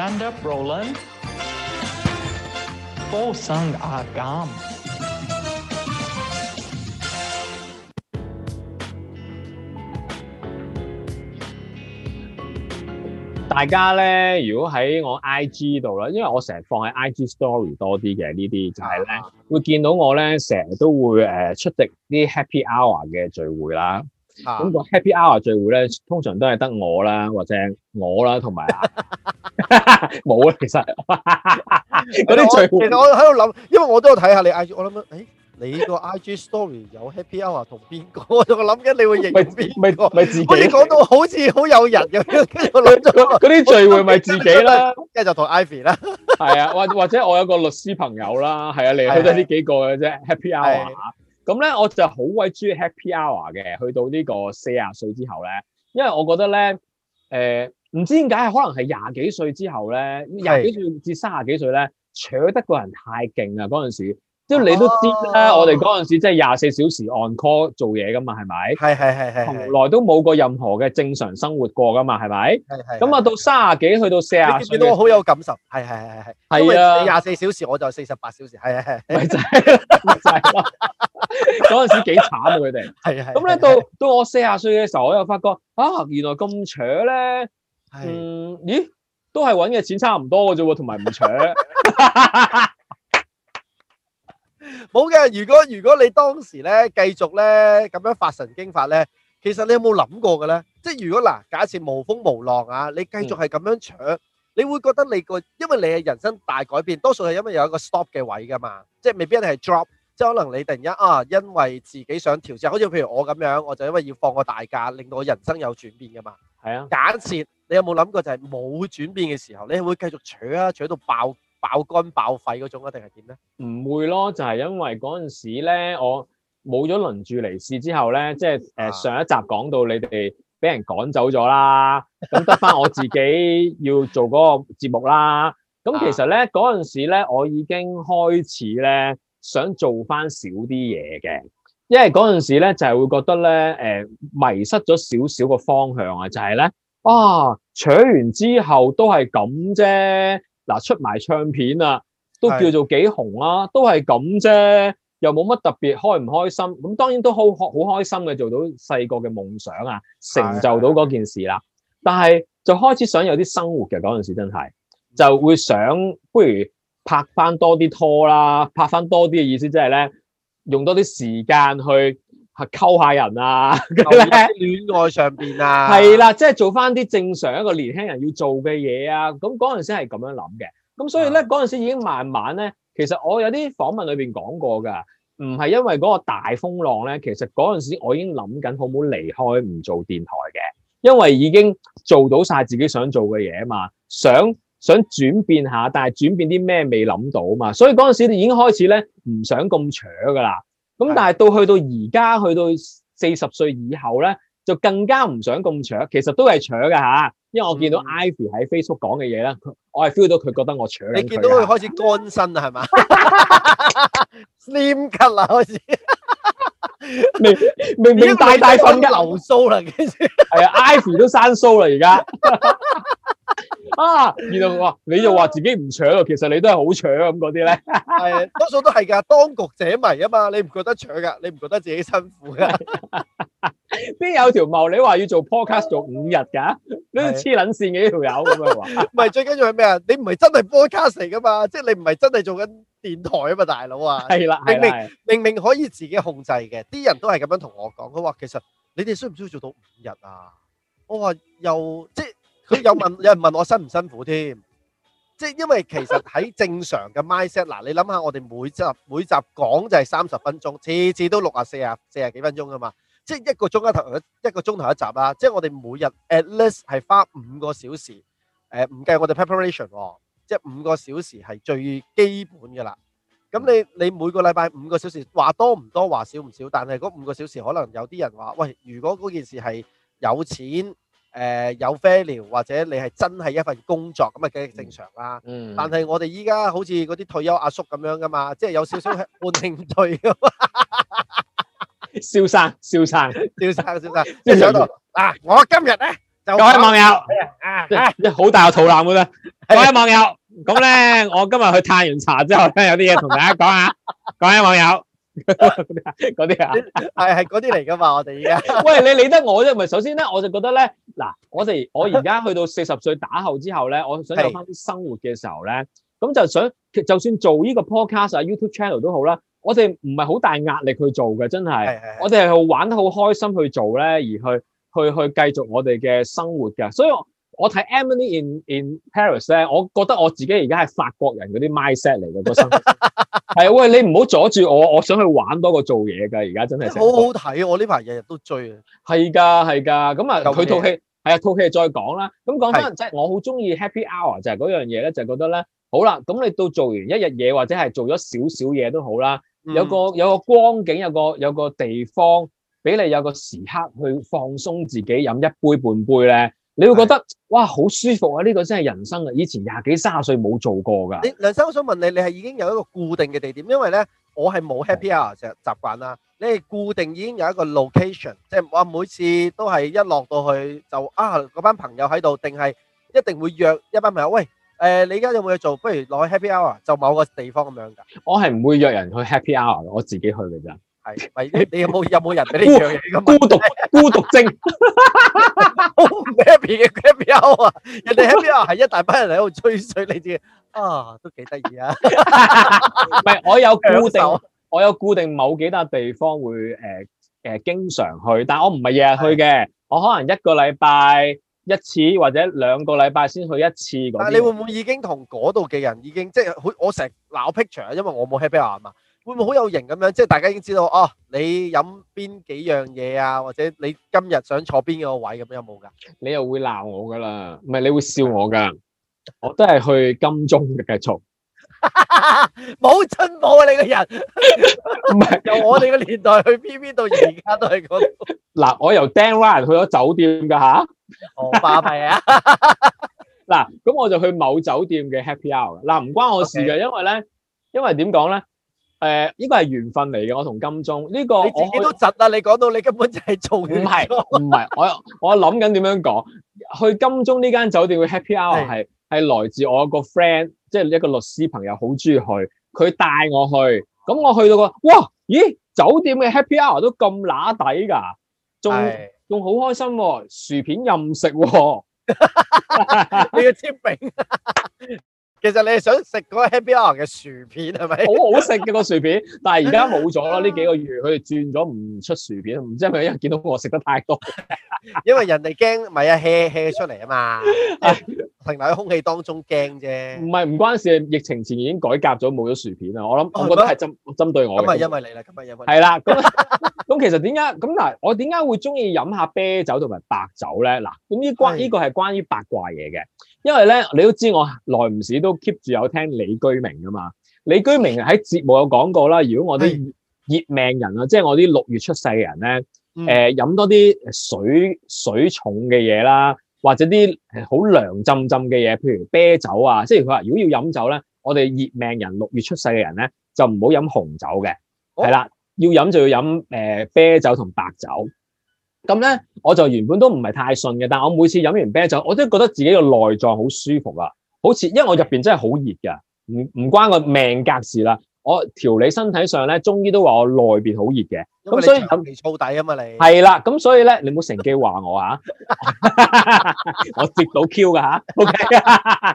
android balls are gone 大家呢，如果喺我 IG 度啦，因為我成日放喺 IG story 多啲嘅，呢啲就係呢，會見到我呢成日都會誒，出席啲 happy hour 嘅聚會啦。咁個 Happy Hour 聚會咧，通常都係得我啦，或者我啦，同埋啊，冇啊，其實嗰啲聚會，其實我喺度諗，因為我都有睇下你 I，我諗咧，誒，你個 IG Story 有 Happy Hour 同邊個？我諗緊你會認邊個？咪自己。你講到好似好有人嘅，跟住我諗住嗰啲聚會咪自己啦，跟住就同 Ivy 啦。係啊，或或者我有個律師朋友啦，係啊，嚟都係呢幾個嘅啫，Happy Hour。咁咧我就好鬼中意 happy hour 嘅，去到呢個四十歲之後咧，因為我覺得咧，誒、呃、唔知點解可能係廿幾歲之後咧，廿幾的歲至三十幾歲咧，扯得個人太勁啦嗰陣時。即係你都知啦，我哋嗰陣時即係廿四小時 on call 做嘢噶嘛，係咪？係係係係，從來都冇過任何嘅正常生活過噶嘛，係咪？係係。咁啊，到三啊幾去到四啊歲都好有感受。係係係係係。係啊，廿四小時我就四十八小時。係係係。僆仔，僆仔。嗰陣時幾慘啊！佢哋係啊。咁咧到到我四啊歲嘅時候，我又發覺啊，原來咁扯咧。嗯，咦，都係揾嘅錢差唔多嘅啫喎，同埋唔扯。冇嘅，如果如果你當時咧繼續咧咁樣發神經發咧，其實你有冇諗過嘅咧？即係如果嗱，假設無風無浪啊，你繼續係咁樣搶，你會覺得你個因為你係人生大改變，多數係因為有一個 stop 嘅位噶嘛，即係未必係 drop，即係可能你突然間啊，因為自己想調節，好似譬如我咁樣，我就因為要放個大假，令到我人生有轉變噶嘛。係啊，假設你有冇諗過就係冇轉變嘅時候，你係會繼續搶啊，搶到爆？爆肝爆肺嗰種啊，定係點咧？唔會咯，就係、是、因為嗰陣時咧，我冇咗輪住嚟試之後咧，即係誒，上一集講到你哋俾人趕走咗啦，咁得翻我自己要做嗰個節目啦。咁其實咧嗰陣時咧，我已經開始咧想做翻少啲嘢嘅，因為嗰陣時咧就係、是、會覺得咧誒、呃、迷失咗少少個方向、就是、啊，就係咧啊，搶完之後都係咁啫。嗱、啊，出埋唱片啊，都叫做幾紅啦、啊，都係咁啫，又冇乜特別開唔開心。咁當然都好開好開心嘅，做到細個嘅夢想啊，成就到嗰件事啦。的但係就開始想有啲生活嘅，嗰陣時真，真係就會想不如拍翻多啲拖啦，拍翻多啲嘅意思即係咧，用多啲時間去。係溝下人啊，戀 愛上邊啊，係啦，即係做翻啲正常一個年輕人要做嘅嘢啊。咁嗰陣時係咁樣諗嘅，咁所以咧嗰陣時已經慢慢咧，其實我有啲訪問裏邊講過噶，唔係因為嗰個大風浪咧，其實嗰陣時我已經諗緊，好唔好離開唔做電台嘅？因為已經做到晒自己想做嘅嘢啊嘛，想想轉變下，但係轉變啲咩未諗到啊嘛，所以嗰陣時已經開始咧唔想咁扯噶啦。咁但係到去到而家，去到四十歲以後咧，就更加唔想咁搶，其實都係搶㗎吓。因為我見到 Ivy 喺 Facebook 講嘅嘢咧，我係 feel 到佢覺得我搶。你見到佢開始乾身啊，係嘛？Slim 吉啦，開始明明明大大瞓流蘇啦，幾時？係啊，Ivy 都生蘇啦，而家。啊！見到我，你又話自己唔搶啊，其實你都係好搶咁嗰啲咧。係，多數都係噶，當局者迷啊嘛。你唔覺得搶噶？你唔覺得自己辛苦噶？邊有條毛？你話要做 podcast 做五日噶的？你都黐撚線嘅呢條友咁樣話。唔係最緊要係咩啊？你唔係真係 podcast 嚟噶嘛？即係你唔係真係做緊電台啊嘛，大佬啊。係啦，明明明明可以自己控制嘅。啲人都係咁樣同我講。佢話其實你哋需唔需要做到五日啊？我話又即係。即佢有問，有人問我辛唔辛苦添。即係因為其實喺正常嘅 mindset，嗱，你諗下，我哋每集每集講就係三十分鐘，次次都六啊四啊四十幾分鐘㗎嘛。即係一個鐘頭一一個鐘頭一集啦。即係我哋每日 at least 係花五個小時，誒唔計我哋 preparation，哦，即係五個小時係最基本嘅啦。咁你你每個禮拜五個小時，話多唔多話少唔少，但係嗰五個小時可能有啲人話，喂，如果嗰件事係有錢。誒有 failure 或者你係真係一份工作咁啊，梗係正常啦。嗯，但係我哋依家好似嗰啲退休阿叔咁樣噶嘛，即係有少少半退休。笑生，笑生，笑生，笑生。即係喺度啊！我今日咧就各位網友，啊，好大個肚腩嘅啦。各位網友，咁咧我今日去泰源茶之後，有啲嘢同大家講下。各位網友。嗰啲啊，係係嗰啲嚟噶嘛，我哋而家。喂，你理得我啫，咪首先咧，我就覺得咧，嗱，我哋我而家去到四十歲打後之後咧，我想做翻啲生活嘅時候咧，咁就想，就算做呢個 Podcast 啊、YouTube channel 都好啦，我哋唔係好大壓力去做嘅，真係，我哋係玩得好開心去做咧，而去去去繼續我哋嘅生活噶，所以。我睇 Emily in in Paris 咧，我覺得我自己而家係法國人嗰啲 mindset 嚟嘅，係啊，喂，你唔好阻住我，我想去玩多過做嘢㗎，而家真係好好睇啊！我呢排日日都追啊，係㗎係㗎，咁啊佢套戲係啊套戲再講啦。咁講返即係我好中意 Happy Hour 就係嗰樣嘢咧，就係覺得咧好啦，咁你都做完一日嘢或者係做咗少少嘢都好啦，有個有個光景，有個有個地方俾你有個時刻去放鬆自己，飲一杯半杯咧。你會覺得哇好舒服啊！呢個真係人生啊！以前廿幾、卅歲冇做過噶。你梁生，我想問你，你係已經有一個固定嘅地點？因為咧，我係冇 happy hour 嘅習慣啦。你係固定已經有一個 location，即係我每次都係一落到去就啊，嗰班朋友喺度，定係一定會約一班朋友。喂，誒，你而家有冇嘢做？不如落去 happy hour，就某個地方咁樣噶。我係唔會約人去 happy hour，我自己去嘅啫。咪你你有冇有冇人俾你唱嘢？咁孤獨孤獨症，Happy 嘅 Happy 啊！人哋喺邊啊，係一大班人喺度吹水你知啊，都幾得意啊！咪我有固定，我有固定某幾笪地方會誒誒經常去，但係我唔係日日去嘅，我可能一個禮拜一次或者兩個禮拜先去一次嗰。但係你會唔會已經同嗰度嘅人已經即係佢我成日鬧 picture 啊，因為我冇 Happy 啊嘛。會唔會好有型咁樣？即係大家已經知道哦，你飲邊幾樣嘢啊，或者你今日想坐邊個位咁樣有冇噶？你又會鬧我噶啦？唔係你會笑我噶？我都係去金鐘嘅繼續。冇進步啊你個人。唔係由我哋嘅年代去邊邊度，而家都係嗰度。嗱，我由 Dan Ryan 去咗酒店噶吓。我話係啊！嗱，咁我就去某酒店嘅 Happy Hour。嗱，唔關我事嘅，因為咧，因為點講咧？誒，呢、呃個係緣分嚟嘅，我同金鐘呢、個你自己都窒啦。你講到你根本就係做唔係唔係，我我諗緊點樣講 去金鐘呢間酒店嘅 Happy Hour 係係係來自我一個 friend，即係一個律師朋友好中意去，佢帶我去，咁我去到、個哇咦，酒店嘅 Happy Hour 都咁乸底噶，仲仲好開心、啊，薯片任食、啊， 你要簽名。 其實你係想食嗰 Happy Hour 嘅薯片係咪？好好食嘅個薯片，但係而家冇咗啦。呢 幾個月佢哋轉咗唔出薯片，唔知係咪因為見到我食得太多？因為人哋驚，咪係啊 hea hea 出嚟啊嘛，停留喺空氣當中驚啫。唔係唔關事，疫情前已經改革咗，冇咗薯片啦。我諗，哦、我覺得係針針對我。今日、啊、因為你啦，今日因為係啦。咁咁的 其實點解咁嗱？我點解會中意飲下啤酒同埋白酒咧？嗱，咁呢關呢個係關於八卦嘢嘅。因為咧，你都知我耐唔時都 keep 住有聽李居明噶嘛。李居明喺節目有講過啦，如果我啲熱命人啊，即係我啲六月出世嘅人咧，誒，飲多啲水水重嘅嘢啦，或者啲好涼浸浸嘅嘢，譬如啤酒啊。即係佢話如果要飲酒咧，我哋熱命人六月出世嘅人咧，就唔好飲紅酒嘅，係啦，哦，要飲就要飲誒啤酒同白酒。咁咧，我就原本都唔係太信嘅，但係我每次飲完啤酒，我都覺得自己個內臟好舒服啊，好似因為我入邊真係好熱噶，唔唔關個命格事啦。我調理身體上咧，中醫都話我內邊好熱嘅，咁所以有未燥底啊嘛。你係啦，咁所以咧，你唔好乘機話我吓，我接到 Q 噶吓，OK，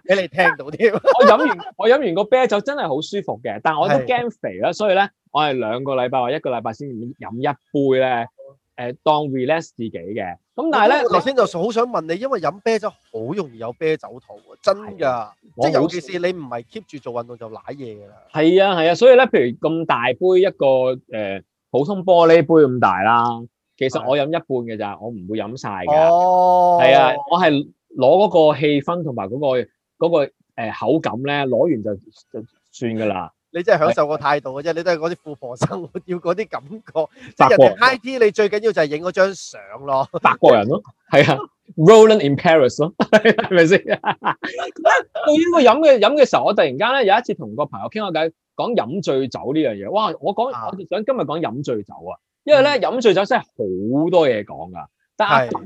俾你聽到添。我飲完我飲完個啤酒真係好舒服嘅，但係我都驚肥啦，所以咧，我係兩個禮拜或一個禮拜先飲一杯咧。誒，當 relax 自己嘅，咁但係咧，頭先就好想問你，因為飲啤酒好容易有啤酒肚啊，真噶，即係尤其是你唔係 keep 住做運動就瀨嘢噶啦。係啊係啊，所以咧，譬如咁大杯一個誒普通玻璃杯咁大啦，其實我飲一半嘅咋，我唔會飲晒嘅。哦。係啊，我係攞嗰個氣氛同埋嗰個嗰個誒口感咧，攞完就就算噶啦。你真係享受個態度嘅啫，的你都係嗰啲富婆生活，要嗰啲感覺。法國 IT 你最緊要就係影嗰張相咯。法國人咯，係啊，Rollin in Paris 咯，係咪先？對於個飲嘅飲嘅時候，我突然間咧有一次同個朋友傾下偈，講飲醉酒呢樣嘢。哇！我講、啊、我哋想今日講飲醉酒啊，因為咧飲、嗯、醉酒真係好多嘢講噶。但係的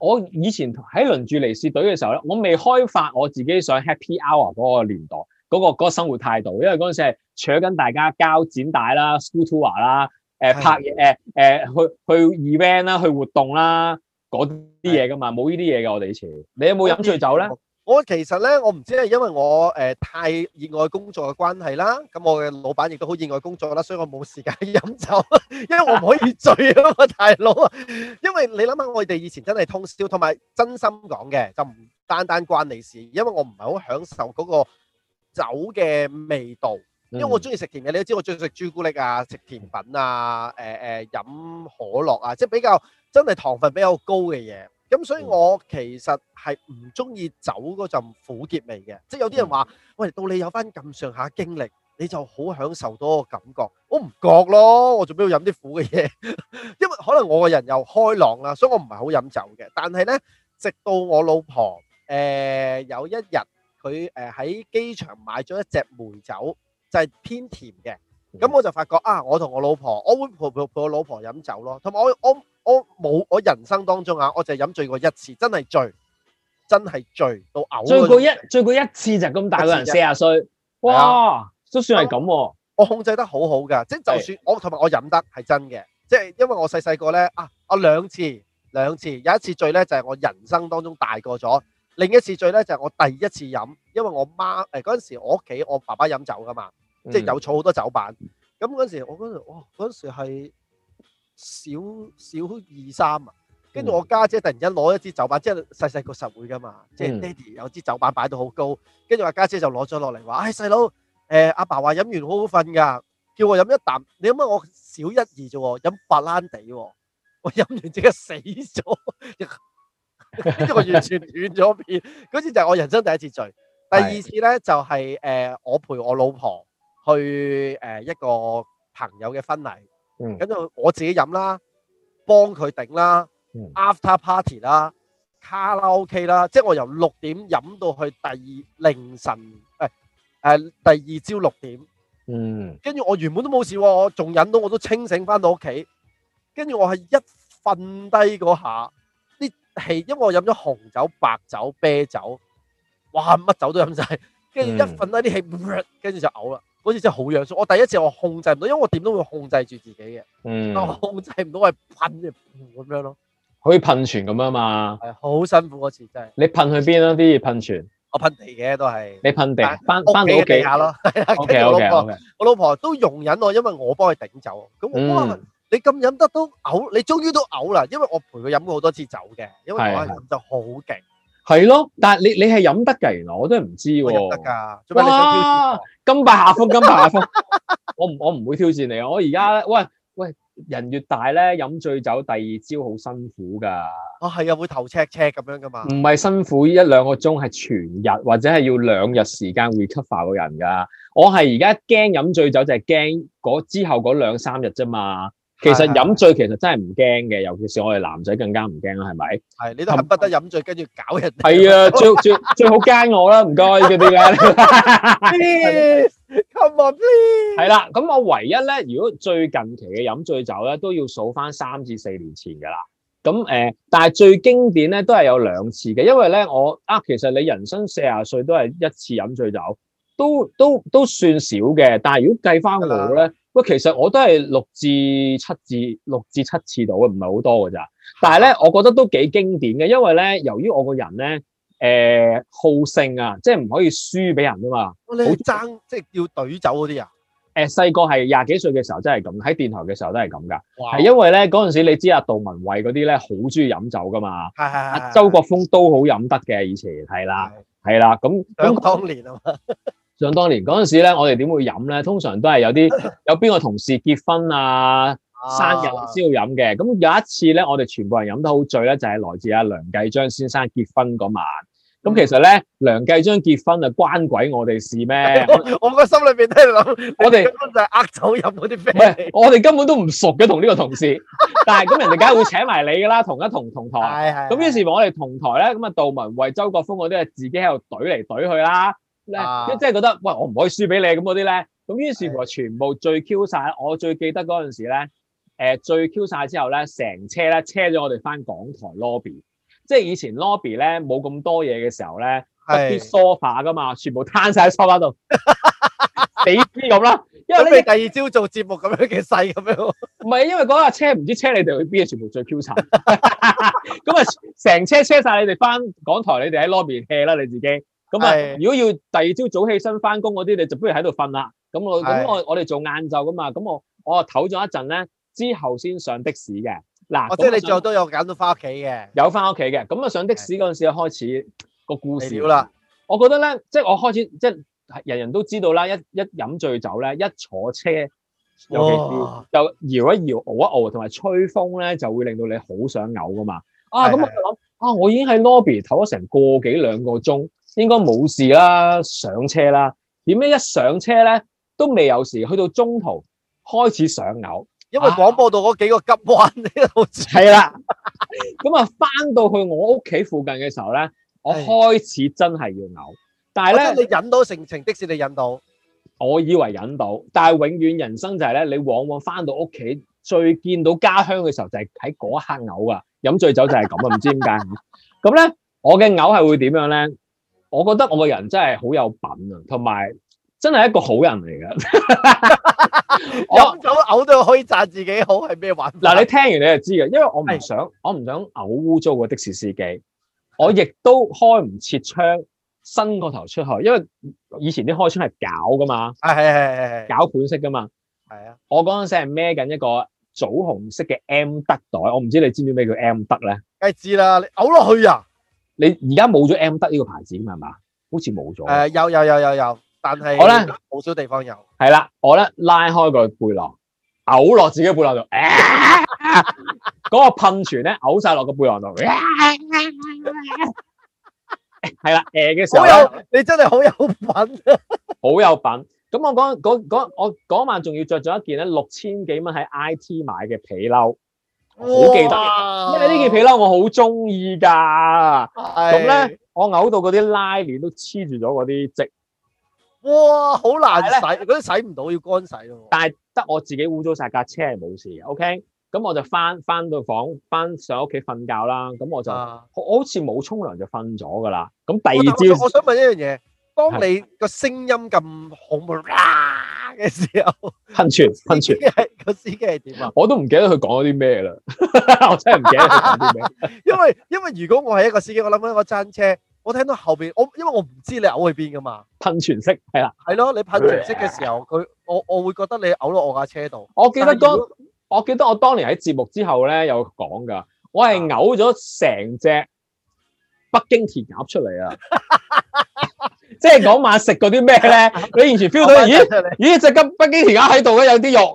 我以前喺輪住尼斯隊嘅時候咧，我未開發我自己想 Happy Hour 嗰個年代。嗰個嗰個生活態度，因為嗰陣時係除咗跟大家交展帶啦、school tour 啦、誒拍嘢、誒誒去去 event 啦、去活動啦嗰啲嘢㗎嘛，冇呢啲嘢㗎，我哋以前。你有冇飲醉酒咧？我其實咧，我唔知係因為我誒太熱愛工作嘅關係啦，咁我嘅老闆亦都好熱愛工作啦，所以我冇時間飲酒，因為我唔可以醉啊嘛，大佬啊。因為你諗下，我哋以前真係通宵，同埋真心講嘅，就唔單單關你事，因為我唔係好享受嗰個。酒嘅味道，因為我中意食甜嘅，你都知我中意食朱古力啊，食甜品啊，誒誒飲可樂啊，即係比較真係糖分比較高嘅嘢。咁所以，我其實係唔中意酒嗰陣苦澀味嘅。即係有啲人話：喂，到你有翻咁上下經歷，你就好享受到個感覺。我唔覺咯，我做咩要飲啲苦嘅嘢？因為可能我個人又開朗啦，所以我唔係好飲酒嘅。但係咧，直到我老婆誒有一日。佢誒喺機場買咗一隻梅酒，就係、是、偏甜嘅。咁我就發覺啊，我同我老婆，我會陪陪陪我老婆飲酒咯。同埋我我我冇我人生當中啊，我淨係飲醉過一次，真係醉，真係醉到嘔醉。醉過一醉過一次就咁大個人四十、啊、歲，哇，都、啊、算係咁喎。我控制得好好噶，即係就算我同埋是我飲得係真嘅，即係因為我細細個咧啊，我兩次兩次，有一次醉咧就係我人生當中大個咗，另一次醉咧就係、是、我第一次飲，因為我媽誒嗰陣時我屋企我爸爸飲酒噶嘛，嗯、即係有儲好多酒板。咁嗰陣時我嗰陣，哇嗰陣時係小小二三啊。跟住我家姐，姐突然間攞一支酒板，即係細細個實會噶嘛，嗯、即係爹哋有支酒板擺到好高。跟住我家姐就攞咗落嚟話：唉、哎，細佬，誒、呃、阿爸話飲完好好瞓㗎，叫我飲一啖。你諗下我小一二啫喎，飲白蘭地喎、哦，我飲完即刻死咗。 呢個完全斷咗片，嗰次就係我人生第一次醉。第二次呢，就係誒我陪我老婆去誒一個朋友嘅婚禮，跟住我自己飲啦，幫佢頂啦，after party 啦，卡拉 O K 啦，即係我由六點飲到去第二凌晨，誒第二朝六點，嗯，跟住我原本都冇事喎，我仲飲到我都清醒翻到屋企，跟住我係一瞓低嗰下。係，因為我飲咗紅酒、白酒、啤酒，哇，乜酒都飲曬，跟住一瞓低啲氣，跟住就嘔啦。嗰次真係好樣衰，我第一次我控制唔到，因為我點都會控制住自己嘅，但係控制唔到係噴咁樣咯，好似噴泉咁啊嘛。係，好辛苦嗰次真係。你噴去邊啊？啲熱噴泉。我噴地嘅都係。你噴地，翻翻到屋企地下咯。O K O 我老婆都容忍我，因為我幫佢頂酒，咁我。你咁飲得都嘔，你終於都嘔啦，因為我陪佢飲過好多次酒嘅，因為我飲就好勁。係咯，但係你你係飲得㗎原來，我都係唔知喎。我飲得㗎，做咩你想挑戰？甘拜下風，甘拜下風。我唔我唔會挑戰你啊！我而家喂喂，人越大咧，飲醉酒第二朝好辛苦㗎。啊係，又會頭赤赤咁樣㗎嘛？唔係辛苦一兩個鐘，係全日或者係要兩日時間 recover 個人㗎。我係而家驚飲醉酒就係驚嗰之後嗰兩三日啫嘛。其實飲醉其實真係唔驚嘅，尤其是我哋男仔更加唔驚啦，係咪？係，你都恨不得飲醉，跟住搞人哋的。係啊， 最最最好驚我啦，唔該嗰啲嘅。 Please come on, please 係啦，咁我唯一咧，如果最近期嘅飲醉酒咧，都要數翻三至四年前噶啦。咁誒、呃，但係最經典咧都係有兩次嘅，因為咧我啊，其實你人生四十歲都係一次飲醉酒，都都都算少嘅。但係如果計翻我咧。喂，其實我都係六至七次，六至七次到嘅，唔係好多嘅咋。但係咧，我覺得都幾經典嘅，因為咧，由於我個人咧，誒好勝啊，即係唔可以輸俾人啊嘛。好爭，即係要隊走嗰啲人。誒細個係廿幾歲嘅時候真係咁，喺電台嘅時候都係咁㗎。係因為咧嗰陣時你知阿杜文緯嗰啲咧好中意飲酒㗎嘛。係係係。阿周國豐都好飲得嘅，以前係啦，係啦，咁。想當年啊嘛～想當年嗰陣時咧，我哋點會飲咧？通常都係有啲有邊個同事結婚啊、生日先會飲嘅。咁、啊嗯、有一次咧，我哋全部人飲得好醉咧，就係、是、來自阿梁繼章先生結婚嗰晚。咁、嗯、其實咧，梁繼章結婚啊，關鬼我哋事咩？嗯？我我個心裏邊都係諗，我哋根本就係呃酒飲嗰啲 friend。唔係，我哋根本都唔熟嘅同呢個同事。但係咁，人哋梗係會請埋你噶啦，同一同同台。係咁、哎哎、於是乎，我哋同台咧，咁啊，杜文惠、周國峰嗰啲啊，自己喺度對嚟對去啦。咧、啊、即係覺得，喂我唔可以輸俾你咁嗰啲咧，咁於是乎全部最 Q 晒。的我最記得嗰陣時咧，誒、呃、最 Q 晒之後咧，成車咧車咗我哋翻港台 lobby，即係以前 lobby 咧冇咁多嘢嘅時候咧，啲 sofa 噶嘛，全部攤晒喺 sofa 度，地氈咁啦。因為你哋第二朝做節目咁樣嘅勢咁樣，唔係因為嗰架車唔知車你哋去邊，全部最 Q 晒。咁啊，成車車晒你哋翻港台，你哋喺 lobby hea 啦，你自己。咁啊！嗯、是的 如果要第二朝早起身翻工嗰啲，你就不如喺度瞓啦。咁我咁是的 我我哋做晏晝噶嘛。咁我我啊唞咗一陣咧，之後先上的士嘅。嗱，即係知你最後都有揀到翻屋企嘅。有翻屋企嘅。咁啊上的士嗰陣時就開始個故事。啦。我覺得咧，即係我開始，即係人人都知道啦。一一飲醉酒咧，一坐車，尤其係又搖一搖、嘔、呃、一嘔，同、呃、埋吹風咧，就會令到你好想嘔、呃、噶嘛。啊咁我就諗，啊我已經喺 lobby 唞咗成個幾兩個鐘。應該冇事啦，上車啦。點解一上車咧都未有事，去到中途開始想嘔，因為廣播道嗰幾個急彎呢度。係啦，咁啊翻到去我屋企附近嘅時候咧，我開始真係要嘔。但係咧，你忍到成程的士，你忍到？我以為忍到，但係永遠人生就係咧，你往往翻到屋企最見到家鄉嘅時候，就係喺嗰一刻嘔噶。飲醉酒就係咁啊，唔知點解。咁咧，我嘅嘔係會點樣咧？我覺得我個人真係好有品啊，同埋真係一個好人嚟嘅，有咁嘔到可以讚自己好係咩話？嗱，你聽完你就知嘅，因為我唔想，我唔想嘔污糟個的士司機，的我亦都開唔切窗，伸個頭出去，因為以前啲開窗係搞噶嘛，啊係系系系，鉸款式噶嘛，係啊的，我嗰陣時係孭緊一個棗紅色嘅 M 德袋，我唔知你知唔知咩叫 M 德咧？梗係知啦，你嘔落去啊！你而家冇咗 M 得呢個牌子噶嘛？係嘛？好似冇咗。誒有有有有有，但係我咧好少地方有。係啦，我咧拉開個背囊，嘔落自己背囊度。嗰個噴泉咧嘔曬落個背囊度。係啦，誒嘅時候。好有，你真係好有品。好有品。咁我嗰嗰嗰我嗰晚仲要著咗一件咧六千幾蚊喺 IT 買嘅皮褸。好記得，因為呢件皮褸我好中意噶，咁咧我嘔到嗰啲拉鏈都黐住咗嗰啲積，哇好難洗，嗰啲洗唔到要乾洗喎。但係得我自己污糟曬架車係冇事嘅，OK。咁我就翻翻到房，翻上屋企瞓覺啦。咁我就我好似冇沖涼就瞓咗噶啦。咁第二朝，我想問一樣嘢，當你個聲音咁恐怖嘅時候噴泉，噴泉係個司機係點啊？我都唔記得佢講咗啲咩啦，我真係唔記得佢講啲咩。因為因為如果我係一個司機，我諗緊我揸車，我聽到後邊我，因為我唔知你嘔去邊噶嘛。噴泉式係啦，係咯，你噴泉式嘅時候，佢我我會覺得你嘔落我架車度。我記得嗰，我記得我當年喺節目之後咧有講㗎，我係嘔咗成隻北京填鴨出嚟啊！即係嗰晚食嗰啲咩咧？你完全 feel 到，咦咦隻金北京而家喺度咧，有啲肉，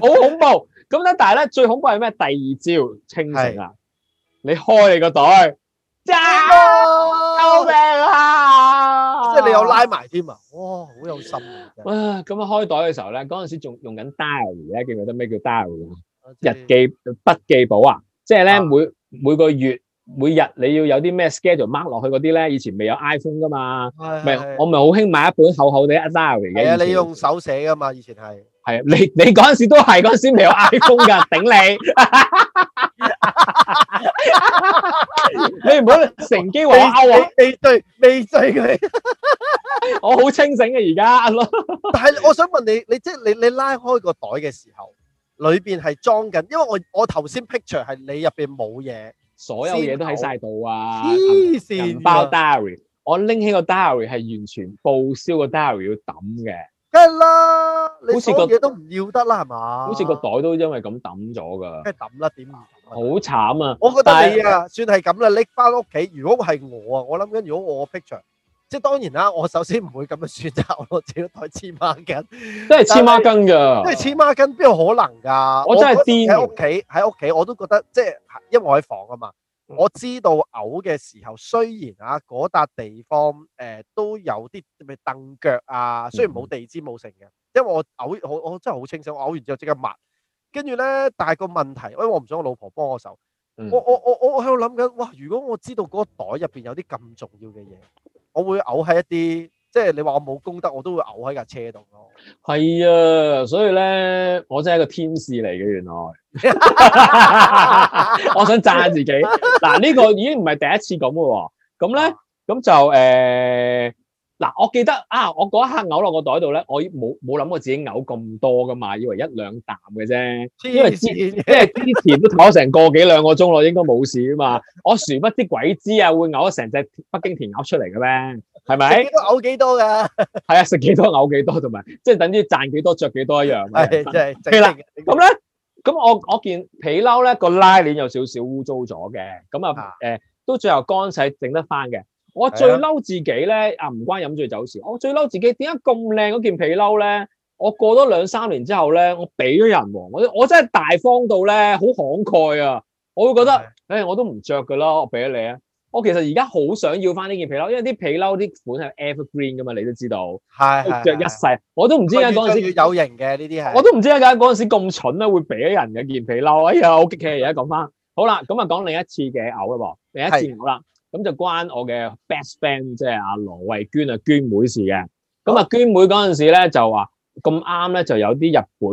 好恐怖！咁咧，但係咧最恐怖係咩？第二招清醒啊！你開你個袋，救命啊！即係你又拉埋添啊！哇，好有心啊！哇！咁啊，開袋嘅時候咧，嗰陣時仲用緊 diary，記唔記得咩叫 diary 啊？日記筆記簿啊！即係咧每每個月。.每日你要有啲咩 schedule mark 落去嗰啲咧？以前未有 iPhone 噶嘛，係是我咪好興買一本厚厚嘅 diary 嘅。的你用手寫噶嘛？以前係係啊，你你嗰陣時都係嗰陣時未有 iPhone 噶，頂你！你唔好乘機話勾啊！未醉未醉，佢。我好 清醒嘅而家。 但係我想問你，你即係、就是、你你，你拉開個袋嘅時候，裏邊係裝緊，因為我我頭先 picture 係你入邊冇嘢。所有嘢都喺晒度啊！黐線！錢包 diary，我拎起個 diary 係完全報銷個 diary 要抌嘅，梗係啦，你所有嘢都唔要得啦係嘛？好似個袋都因為咁抌咗噶，梗係抌啦，點啊？好慘啊！我覺得係啊，算係咁啦，拎翻屋企。如果係我啊，我諗緊如果我 picture。即係當然啦、啊，我首先唔會咁樣選擇我自己袋黐孖筋，真係黐孖筋㗎，即係黐孖筋邊有可能㗎？我真係癲喺屋企喺屋企，我都覺得即係，因為我喺房啊嘛，嗯、我知道嘔嘅時候，雖然啊嗰笪、那個、地方誒、呃、都有啲咩凳腳啊，雖然冇地氈冇剩嘅，嗯、因為我嘔，好，我真係好清醒，我嘔完之後即刻抹。跟住咧，但係個問題，因為我唔想我老婆幫我手，我我我我喺度諗緊，哇！如果我知道嗰袋入邊有啲咁重要嘅嘢。我會嘔喺一啲，即係你話我冇功德，我都會嘔喺架車度咯。係啊，所以咧，我真係一個天使嚟嘅，原來。 我想讚下自己。嗱，呢個已經唔係第一次咁嘅喎。咁咧，咁就誒。呃嗱，我記得啊，我嗰一刻嘔落個袋度咧，我冇冇諗過自己嘔咁多噶嘛，以為一兩啖嘅啫。因為之因為之前都嘔成個幾兩個鐘咯，應該冇事啊嘛。我殊不知鬼知啊，會嘔咗成隻北京填鴨出嚟嘅咩？係咪？嘔幾多？嘔幾多噶？係啊，食幾多嘔幾多，同埋即係等於賺幾多着幾多一樣。係真係正。咁咧，咁我我見皮褸咧個拉鏈有少少污糟咗嘅，咁啊誒都最後乾洗整得翻嘅。我最嬲自己咧啊！唔關飲醉酒事。我最嬲自己點解咁靚嗰件皮褸咧？我過咗兩三年之後咧，我俾咗人喎。我我真係大方到咧，好慷慨啊！我會覺得，唉是的、哎，我都唔着噶啦，我俾咗你啊！我其實而家好想要翻呢件皮褸，因為啲皮褸啲款係 evergreen 噶嘛，你都知道，係着是的 一世。越越我都唔知點解嗰時有型嘅呢啲係，我都唔知點解嗰陣時咁蠢咧，會俾咗人嘅件皮褸。哎呀，好激氣！而家講翻，好啦，咁啊講另一次嘅嘔啦，另一次好啦。咁就關我嘅 best friend，即係阿羅慧娟啊，娟妹事嘅。咁啊，娟妹嗰陣時咧就話咁啱咧，就有啲日本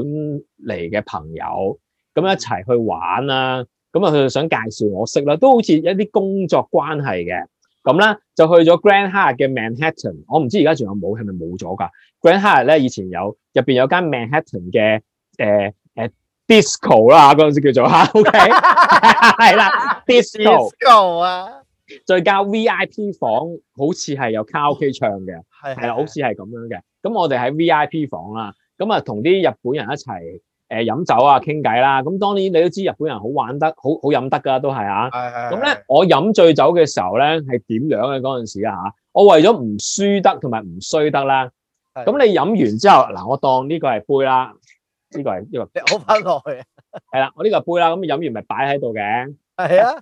嚟嘅朋友咁一齊去玩啦。咁啊，佢想介紹我識啦，都好似一啲工作關係嘅。咁咧就去咗 Grand Hyatt 嘅 Manhattan。我唔知而家仲有冇，係咪冇咗㗎？Grand Hyatt 咧以前有，入邊有間 Manhattan 嘅誒誒 disco 啦，嗰陣時叫做嚇，OK 係啦，disco 啊。再加 V I P 房， 好似係有卡拉 O K 唱嘅，係係啦，好似係咁樣嘅。咁我哋喺 V I P 房啦，咁啊同啲日本人一齊誒飲酒啊傾偈啦。咁當然你都知日本人好玩得，好好飲得噶都係啊。咁咧是我飲醉酒嘅時候咧係點樣嘅嗰陣時啊吓？我為咗唔輸得同埋唔衰得啦。咁是是 你飲完之後嗱，我當呢個係杯啦，呢、這個係呢、這個，我翻落去，係啦，我呢個杯啦，咁飲完咪擺喺度嘅。係啊的。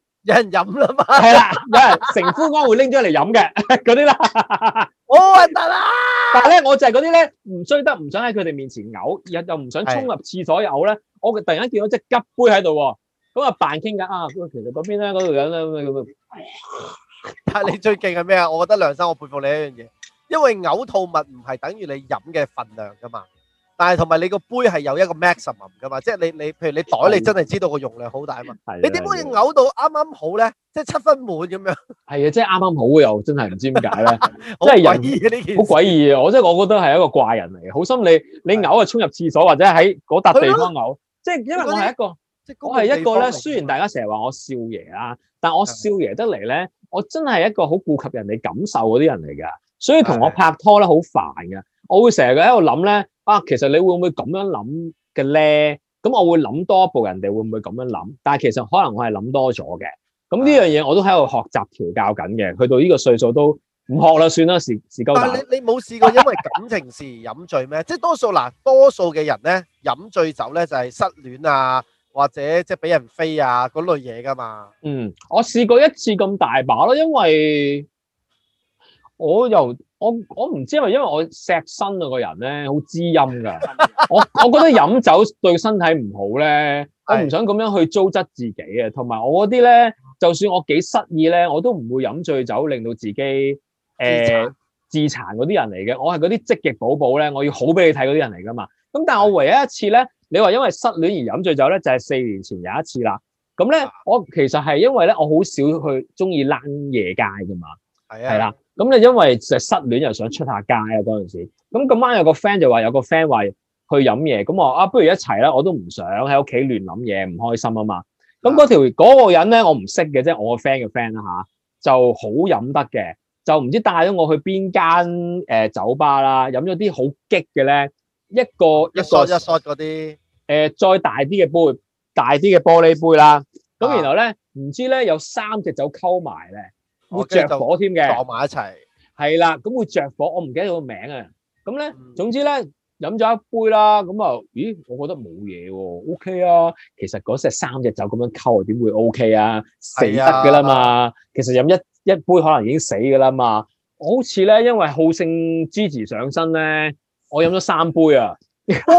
有人飲啦嘛，係啦，有人成夫安會拎咗嚟飲嘅嗰啲啦，好核突啊！但係咧，我就係嗰啲咧，唔追得，唔想喺佢哋面前嘔，又又唔想衝入廁所嘔咧。我突然間見到隻吉杯喺度，咁啊扮傾緊啊，其實嗰邊咧嗰度有啦。但係你最勁係咩啊？我覺得梁生，我佩服你一樣嘢，因為嘔吐物唔係等於你飲嘅份量噶嘛。但係同埋你個杯係有一個 maximum 噶嘛，即係你你，譬如你袋你真係知道個容量好大啊嘛，你點可以嘔到啱啱好咧？即係七分滿咁樣。係啊，即係啱啱好又真係唔知點解咧，真係詭異嘅呢件事，好詭異啊！我真係我覺得係一個怪人嚟嘅。好心你，你嘔啊沖入廁所或者喺嗰笪地方嘔，即係因為我係一個我係一個咧，雖然大家成日話我少爺啊，但我少爺得嚟咧，我真係一個好顧及人哋感受嗰啲人嚟嘅，所以同我拍拖咧好煩嘅，我會成日喺度諗咧。啊，其實你會唔會咁樣諗嘅咧？咁我會諗多一步，人哋會唔會咁樣諗？但係其實可能我係諗多咗嘅。咁呢樣嘢我都喺度學習調教緊嘅。去到呢個歲數都唔學啦，算啦，時時夠。但係你你冇試過因為感情事而飲醉咩？即係多數嗱，多數嘅人咧飲醉酒咧就係失戀啊，或者即係俾人飛啊嗰類嘢㗎嘛。嗯，我試過一次咁大把咯，因為我又我我唔知，因為因為我錫身啊，個人咧好滋陰噶。 我我覺得飲酒對身體唔好咧，我唔想咁樣去糟質自己啊。同埋我嗰啲咧，就算我幾失意咧，我都唔會飲醉酒令到自己自殘殘、呃。自殘嗰啲人嚟嘅，我係嗰啲積極寶寶咧，我要好俾你睇嗰啲人嚟噶嘛。咁但係我唯一一次咧，的你話因為失戀而飲醉酒咧，就係、是、四年前有一次啦。咁咧，我其實係因為咧，我好少去中意冷夜街噶嘛。係啊的，係啦。咁你因為就失戀又想出下街啊嗰陣時，咁咁啱有個 friend 就話有個 friend 話去飲嘢，咁我話啊不如一齊啦，我都唔想喺屋企亂諗嘢，唔開心啊嘛。咁嗰條嗰個人咧，我唔識嘅啫，我個 friend 嘅 friend 啦嚇，就好飲得嘅，就唔知帶咗我去邊間誒、呃、酒吧啦，飲咗啲好激嘅咧，一個一篤刷一篤嗰啲誒，再大啲嘅杯，大啲嘅玻璃杯啦。咁、啊、然後咧，唔知咧有三隻酒溝埋咧。會着火添嘅，撞埋一齊係啦，咁會着火。我唔記得個名啊。咁咧，總之咧，飲咗一杯啦。咁啊，咦，我覺得冇嘢喎，OK 啊。其實嗰時係三隻酒咁樣溝，點會 OK 啊？死得噶啦嘛。其實飲一一杯可能已經死噶啦嘛。我好似咧，因為好勝支持上身咧，我飲咗三杯啊。哇，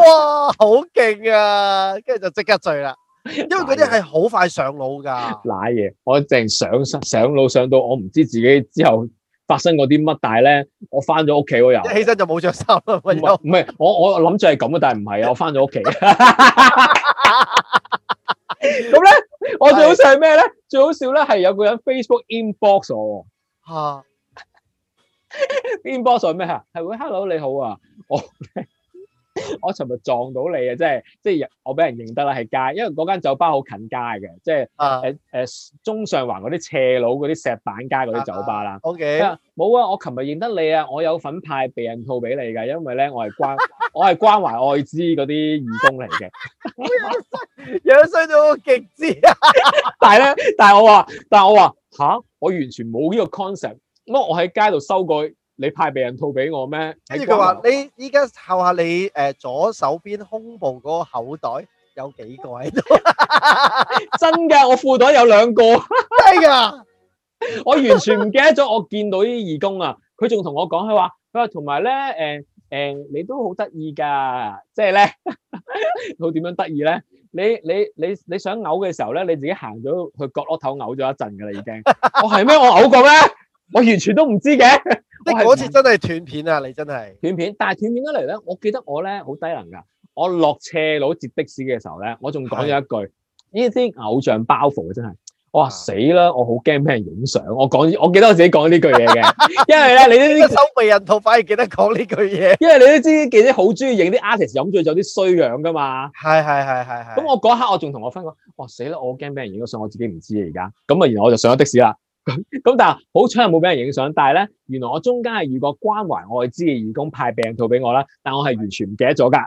好勁啊！跟住就即刻醉啦。因為嗰啲係好快上腦噶，瀨嘢，我淨係上上腦上到我唔知自己之後發生過啲乜，但係咧我翻咗屋企我又，一起身就冇着衫啦，喂，唔係，我我諗住係咁啊，但係唔係啊，我翻咗屋企，咁咧我最好笑係咩咧？最好笑咧係有個人 Facebook inbox 我，吓，inbox 咩啊？係會 Hello 你好啊，我。 我琴日撞到你啊！即係即係我俾人認得啦，喺街，因為嗰間酒吧好近街嘅，即係誒誒中上環嗰啲斜佬嗰啲石板街嗰啲酒吧啦。O K，冇啊！我琴日認得你啊！我有份派避孕套俾你噶，因為咧我係關 我係關，關懷愛滋嗰啲義工嚟嘅。好 樣衰，樣衰到極致 啊！但係咧，但係我話，但係我話，吓我完全冇呢個 concept。咁我喺街度收過。你派避孕套俾我咩？跟住佢話你依家，睇下你誒左手邊胸部嗰個口袋有幾個喺度？真噶，我褲袋有兩個，真噶，我完全唔記得咗。我見到呢啲義工啊，佢仲同我講，佢話佢話同埋咧，誒誒，你都好得意噶，即係咧，佢點樣得意咧？你你你你想嘔嘅時候咧，你自己行咗去角落頭嘔咗一陣噶啦，已經。我係咩？我嘔過咩？我完全都唔知嘅是，你嗰次真係斷片啊！你真係斷片，但係斷片得嚟咧，我記得我咧好低能噶，我落斜路接的士嘅時候咧，我仲講咗一句呢啲是偶像包袱真係，我話死啦，我好驚俾人影相，我講，我記得我自己講呢句嘢嘅， 因為咧你呢啲收費人道反而記得講呢句嘢，因為你都知記者好中意影啲 artist 飲醉酒啲衰樣噶嘛，係係係係係，咁我嗰刻我仲同我分 r 講，我死啦，我好驚俾人影個相，我自己唔知而家，咁啊，然後我就上咗的士啦。咁咁但係好彩係冇俾人影相，但係咧，原來我中間係遇過關懷外資嘅義工派病毒俾我啦，但我係完全唔記得咗噶。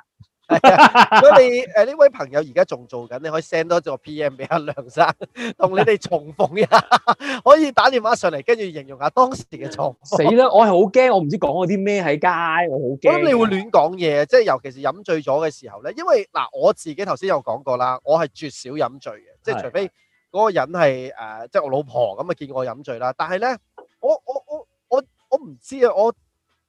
咁你誒呢位朋友而家仲做緊你，可以 send 多座 PM 俾阿梁生，同你哋重逢一下，可以打電話上嚟，跟住形容下當時嘅狀況。死啦！我係好驚，我唔知講咗啲咩喺街，我好驚。咁你會亂講嘢，即係尤其是飲醉咗嘅時候咧。因為嗱，我自己頭先有講過啦，我係絕少飲醉嘅，即係除非。嗰個人係誒，即係我老婆咁啊，見我飲醉啦。但係咧，我我我我我唔知啊。我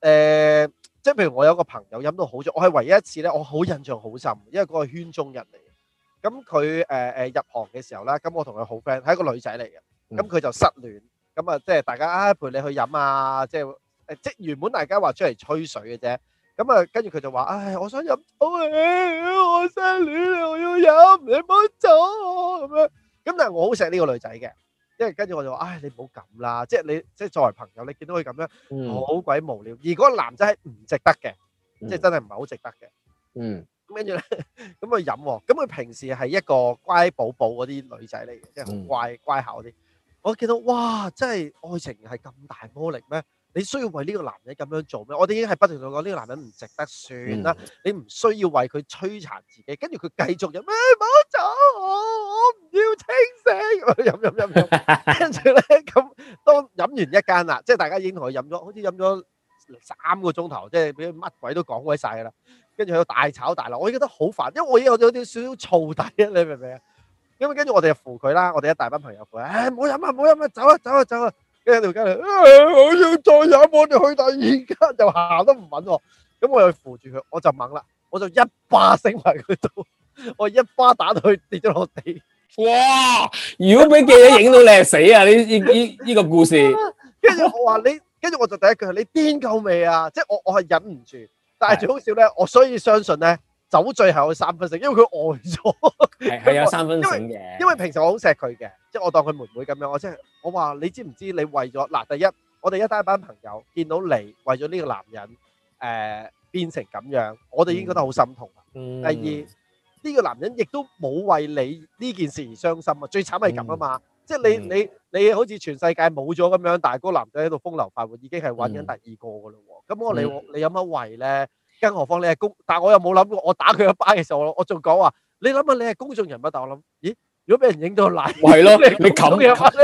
誒，即係譬如我有個朋友飲到好醉，我係唯一一次咧，我好印象好深，因為嗰個圈中人嚟。咁佢誒誒入行嘅時候咧，咁我同佢好 friend，係一個女仔嚟嘅。咁佢就失戀，咁啊，即係大家陪你去飲啊，即係誒，即原本大家話出嚟吹水嘅啫。咁啊，跟住佢就話：唉，我想飲酒啊，我失戀啊，我要飲，你唔好走咁樣。咁但係我好錫呢個女仔嘅，因為跟住我就話：唉，你唔好咁啦，即係你即係作為朋友，你見到佢咁樣好鬼、嗯、無聊，而嗰個男仔係唔值得嘅，嗯、即係真係唔係好值得嘅。嗯，跟住咧，咁佢飲喎，咁佢平時係一個乖寶寶嗰啲女仔嚟嘅，即係好乖乖巧啲。我見到，哇！真係愛情係咁大魔力咩？你需要為呢個男人咁樣做咩？我哋已經係不停在講呢個男人唔值得，算，算啦、嗯。你唔需要為佢摧殘自己，跟住佢繼續飲咩？唔、欸、好走，我我唔要清醒，我飲飲跟住咧咁，當飲 完一間啦，即係大家已經同佢飲咗，好似飲咗三個鐘頭，即係咩乜鬼都講鬼晒噶啦。跟住佢度大吵大鬧，我已經覺得好煩，因為我已經有有啲少少燥底啊，你明唔明啊？咁跟住我哋就扶佢啦，我哋一大班朋友扶，誒唔好飲啊，唔好飲啊，走啊走啊走啊！走啊着跟條街嚟，我要再飲，我哋去到而家就行得唔穩喎。咁我去扶住佢，我就掹啦，我就一巴醒埋佢度，我一巴打到佢跌咗落地。哇！如果俾記者影到你係死啊！呢呢呢個故事。跟住 我話你，跟住我就第一句你癲夠未啊？即係我我係忍唔住，但係最好笑咧，的我雖然相信咧。酒醉係三分醒，因為佢愛咗係係有三分醒嘅。因為平時我好錫佢嘅，即係我當佢妹妹咁樣。我即係我話你知唔知？你為咗嗱，第一，我哋一大班朋友見到你為咗呢個男人誒、呃、變成咁樣，我哋已經覺得好心痛。嗯、第二呢、呢個男人亦都冇為你呢件事而傷心啊！最慘係咁啊嘛，即係、嗯、你你你好似全世界冇咗咁樣，但係嗰個男仔喺度風流快活，已經係揾緊第二個噶啦喎。咁、嗯、我你你有乜為咧？更何況你係公，但係我又冇諗過，我打佢一巴嘅時候，我我仲講話，你諗下你係公眾人物，但我諗，咦？如果俾人影到爛，係咯的，你冚嘅，你蓋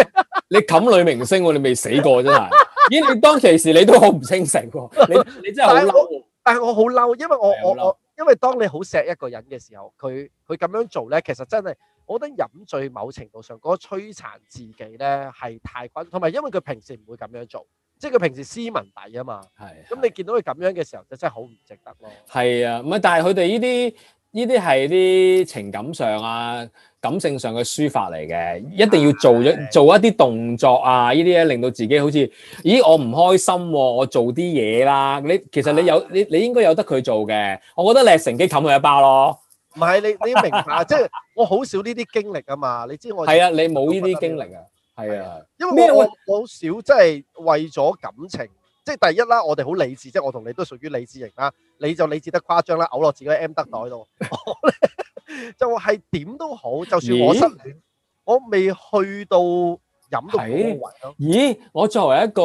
你冚 女明星、啊，你未死過真係？咦？你當其時你都好唔清醒喎、啊，你你真係好嬲。但係我好嬲，因為我的我我， 我，因為當你好錫一個人嘅時候，佢佢咁樣做咧，其實真係，我覺得飲醉某程度上嗰、那個摧殘自己咧係太過，同埋因為佢平時唔會咁樣做。即係佢平時斯文底啊嘛，咁是你見到佢咁樣嘅時候，就真係好唔值得咯。係啊，唔係，但係佢哋呢啲呢啲係啲情感上啊、感性上嘅抒發嚟嘅，一定要做一做一啲動作啊！呢啲咧令到自己好似咦，我唔開心、啊，我做啲嘢啦。你其實你有你、啊、你應該有得佢做嘅，我覺得你係乘機冚佢一包咯。唔係你你明白？ 即係我好少呢啲經歷啊嘛，你知我係啊？你冇呢啲經歷啊？係啊，因為我我好少即係為咗感情，咩即係第一啦，我哋好理智，即係我同你都屬於理智型啦。你就理智得誇張啦，嘔落自己 M 得袋度， 就係點都好，就算我失戀，咦我未去到飲到咦？我作為一個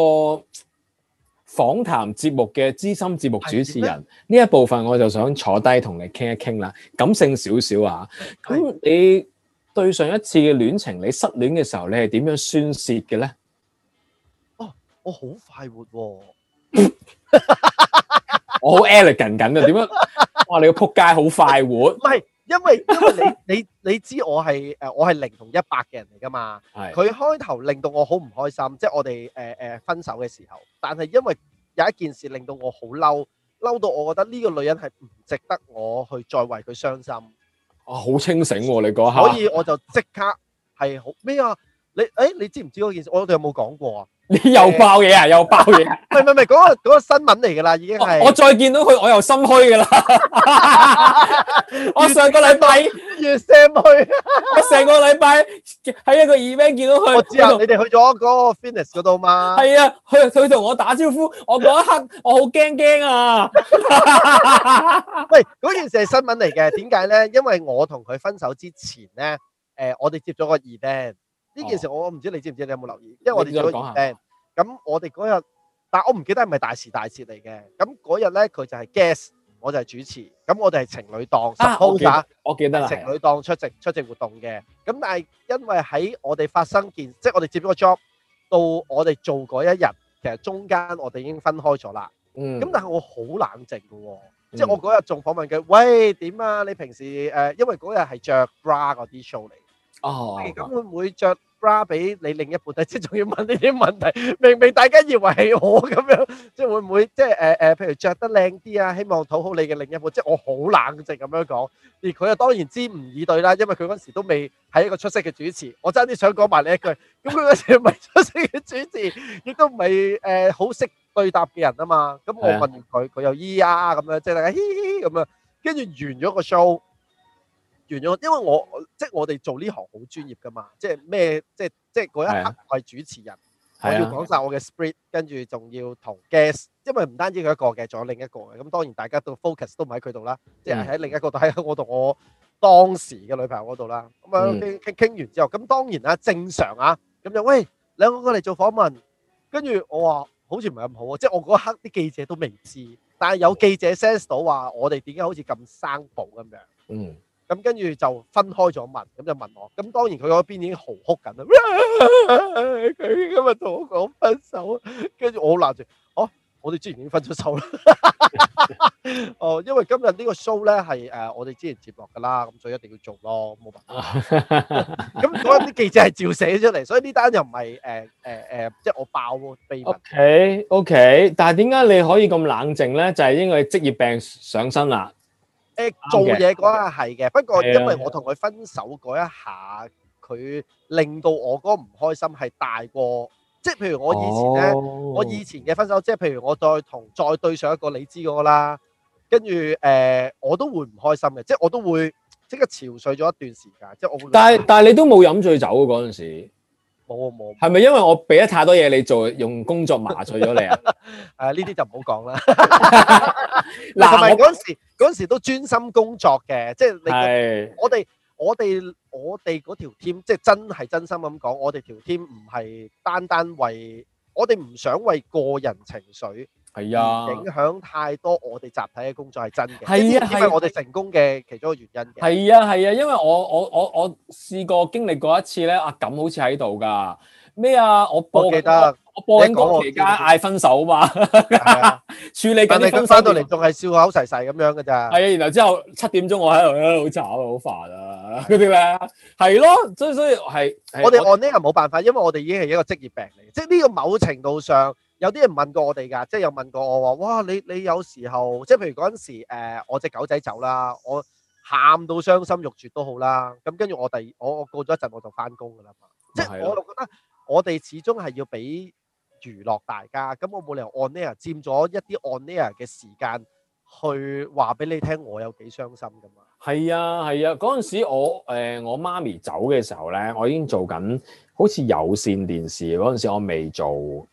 訪談節目嘅資深節目主持人，呢一部分我就想坐低同你傾一傾啦，感性少少啊。咁的你？對上一次嘅戀情，你失戀嘅時候，你係點樣宣洩嘅咧？哦，我好快活，我好 elegant 緊啊！點樣？哇，你個撲街好快活。唔係，因為因為你你你知我係誒我係零同一百嘅人嚟噶嘛？係佢開頭令到我好唔開心，即係我哋誒誒分手嘅時候。但係因為有一件事令到我好嬲，嬲到我覺得呢個女人係唔值得我去再為佢傷心。啊，好清醒喎，啊！你嗰下，所以我就即刻係好咩啊？你誒、欸，你知唔知嗰件事？我哋有冇講過啊？你 又爆嘢啊！又爆嘢、啊！唔唔唔，嗰、嗰個、嗰個新聞嚟噶啦，已經係 我再見到佢，我又心虛噶啦。 我上個禮拜，Yesam 去， 虛 我成個禮拜喺一個 event 見到佢。我知跟你哋去咗嗰個 fitness 嗰度嘛？係 啊，佢佢同我打招呼，我嗰一刻我好驚驚啊！ 喂，嗰件事係新聞嚟嘅，點解咧？因為我同佢分手之前咧，誒、呃，我哋接咗個、event 呢件事我唔知你知唔知，你有冇留意？因為我哋做完 band，咁我哋嗰日，但係我唔記得係咪大時大節嚟嘅。咁嗰日咧，佢就係 guest，我就係主持。咁我哋係情侶檔，suppose，我記得，情侶檔出席出席活動嘅。咁但係因為喺我哋發生件，即係我哋接咗個 job 到我哋做嗰一日，其實中間我哋已經分開咗啦。嗯。咁但係我好冷靜㗎喎，即係我嗰日仲訪問佢，喂，點啊？你平時誒，因為嗰日係著 bra 嗰啲 show 嚟。哦，咁，oh, okay. 會唔會着 bra 俾你另一半？即仲要問呢啲問題，明明大家以為係我咁樣，即係會唔會即係誒誒，譬如着得靚啲啊，希望討好你嘅另一半。即係我好冷靜咁樣講，而佢啊當然支吾以對啦，因為佢嗰時都未係一個出色嘅主持。我差啲想講埋你一句，咁佢嗰時唔係出色嘅主持，亦都唔係誒好識對答別人啊嘛。咁我問完佢，佢又咿呀咁樣，即係大家嘻嘻咁樣，跟住完咗個 show。完咗，因為我即係我哋做呢行好專業㗎嘛，即係咩，即係即係嗰一刻係主持人，我要講晒我嘅 spirit，跟住仲要同 guest，因為唔單止佢一個嘅，仲有另一個嘅，咁當然大家都 focus 都唔喺佢度啦，即係喺另一個度喺我同我當時嘅女朋友嗰度啦。咁啊傾傾完之後，咁當然啦，正常啊，咁就喂兩個過嚟做訪問，跟住我話好似唔係咁好啊，即係我嗰刻啲記者都未知，但係有記者 sense 到話我哋點解好似咁生暴咁樣，嗯。咁跟住就分開咗問，咁就問我。咁當然佢嗰邊已經嚎哭緊啦。佢今日同我講分手，跟住我好冷靜。好、啊，我哋之前已經分咗手啦。 哦，因為今日呢個 show 咧係誒我哋之前接落噶啦，咁所以一定要做咯，冇辦法。咁嗰啲記者係照寫出嚟，所以呢單又唔係誒誒誒，即係我爆秘密。O K O K，但係點解你可以咁冷靜咧？就係、是、因為職業病上身啦。誒、呃、做嘢嗰日係嘅，的不過因為我同佢分手嗰一下，佢令到我嗰個唔開心係大過，即係譬如我以前咧，哦、我以前嘅分手，即係譬如我再同再對上一個你知嗰個啦，跟住誒我都會唔開心嘅，即係我都會即刻憔悴咗一段時間，即係但我會但。但係但係你都冇飲醉酒嗰陣時。冇冇，係咪因為我俾得太多嘢你做，用工作麻醉咗你 啊？誒呢啲就唔好講啦。嗱，我嗰時嗰時都專心工作嘅，即係你是我哋我哋我哋嗰條 team，即係真係真心咁講，我哋條 team 唔係單單為我哋唔想為個人情緒。係啊，影響太多我哋集體嘅工作係真嘅。係啊，因為我哋成功嘅其中一個原因嘅。係啊係啊，因為我我我我試過經歷過一次咧，阿感好似喺度噶咩啊？我播緊我播緊嗰期間嗌分手嘛，處理緊離婚翻到嚟仲係笑口齊齊咁樣噶咋。係啊，然後之後七點鐘我喺度咧，好慘啊，好煩啊，嗰啲咩啊？係咯，所以所以係我哋 online 係冇辦法，因為我哋已經係一個職業病嚟，即係呢個某程度上。有啲人問過我哋㗎，即係有問過我話，哇！你你有時候即係譬如嗰陣時、呃，我隻狗仔走啦，我喊到傷心欲絕都好啦，咁跟住我第我我過咗一陣我就返工㗎啦嘛，嗯、即係我就覺得我哋始終係要俾娛樂大家，咁我冇理由 on air 佔咗一啲 on air 嘅時間。去話俾你聽我有幾傷心噶嘛？係啊係啊，嗰陣、啊、時我誒、呃、我媽咪走嘅時候咧，我已經做緊好似有線電視嗰陣時，我未做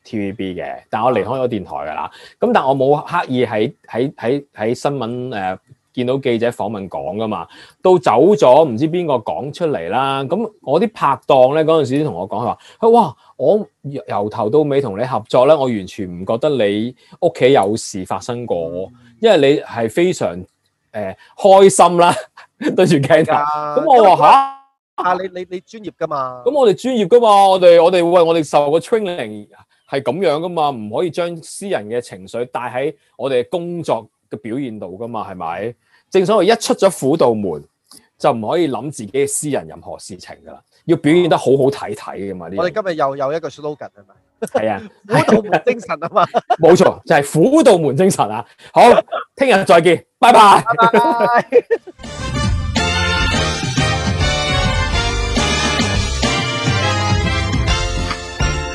TVB 嘅，但我離開咗電台噶啦。咁但係我冇刻意喺喺喺喺新聞誒、呃、見到記者訪問講噶嘛。到走咗唔知邊個講出嚟啦。咁我啲拍檔咧嗰陣時先同我講，佢話佢哇，我由頭到尾同你合作咧，我完全唔覺得你屋企有事發生過。嗯因為你係非常誒、呃、開心啦， 對住鏡頭。咁我話吓？為啊，啊你你你專業㗎嘛？咁我哋專業㗎嘛？我哋我哋喂，我哋受過 training 係咁樣㗎嘛？唔可以將私人嘅情緒帶喺我哋工作嘅表現度㗎嘛？係咪？正所謂一出咗輔導門，就唔可以諗自己嘅私人任何事情㗎啦。要表現得好好睇睇㗎嘛？呢、嗯、我哋今日又有一個 slogan 係咪？係啊，苦道門精神啊嘛，冇錯就係苦道門精神啊！好，聽日再見，拜拜。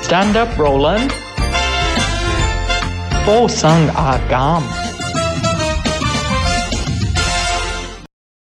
Stand up, Roland. For some, I'm gone.